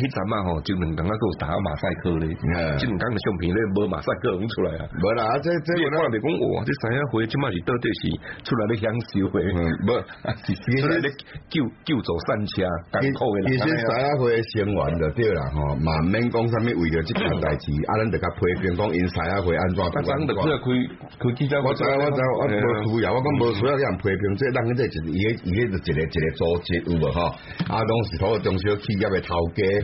迄站仔吼，就閩南個佫有打馬賽克咧，即閩南個相片咧，無馬賽克唔出來啊，無啦，這這我別講我，這三亞會即馬是到底是出來咧享受嗯，無，是來咧救救助善車艱苦誒。以前三亞會先玩着對啦吼，冇免講什麼為了即件代誌，啊咱着甲批評講因三亞會安怎做，我知我知，我無需要，我無需要有人批評，這咱個這就是伊個一個一個一個一個組織有無吼。啊，東是所有中小企業誒頭家。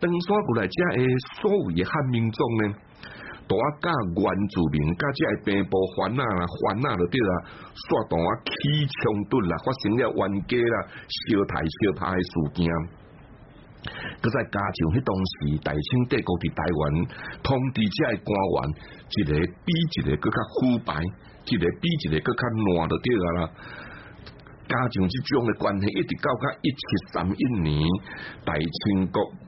當上過來，這誒所謂的漢民眾呢，多加原住民，加這北部啊啦，還啊，的啲啊說動我起衝突啦，發生嘅冤家啦、相殺相拍誒事件。擱再加上迄當時大清帝國佇台灣統治即個官員，一個比一個擱較腐敗，一個比一個擱較爛，着佇啊啦。加上即種誒關係，一直到到一七三一年，大清國。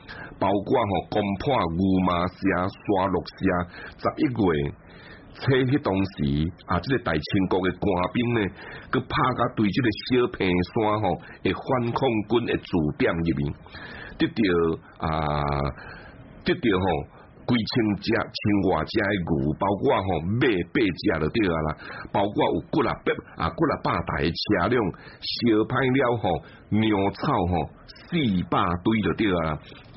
包括吼攻破牛馬西啊、沙洛西十一月車去當時啊，即、這個大清國嘅官兵咧佮拍架對即個小平山吼、哦，誒反恐軍嘅駐點入面，得到啊，得到吼，幾千隻千外隻嘅牛，包括吼咩八隻就着啊啦，包括有幾啊百啊、幾啊百台嘅車輛、燒排了吼、哦、糧草吼、四百堆就着啊啦。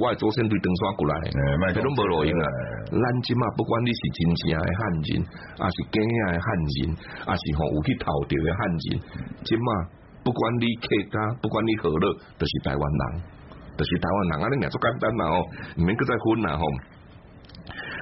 我祖先對唐山過來，佢、欸、都冇錄音啊！欸欸、咱即嘛，不管你是真正誒漢人，抑是假誒漢人，抑是吼、哦、有去逃掉誒漢人，即嘛，不管你客家，不管你何樂，都、就是台灣人，都、就是台灣人，安呢足簡單嘛吼，毋免閣再分啦、哦，吼。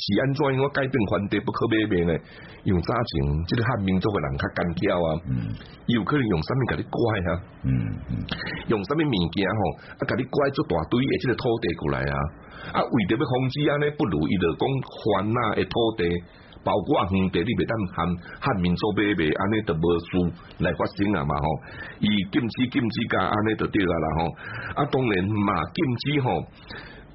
是安怎我改變環境不可買賣嘅，用炸錢，即、這個漢民族嘅人，的人較驚叫啊，又、嗯、可能用什麼嘅啲怪啊，嗯嗯、用什麼物件嗬，啊，嗰啲怪做大隊，而即個土地過來啊，啊，為咗要防止啊，呢不如意就講翻嗱嘅土地，包括啊，兄弟你唔單含漢民族買賣，安尼都冇事嚟發生啊嘛，嗬，以禁止禁止加安尼就對啦，嗬，啊，當然嘛禁止嗬。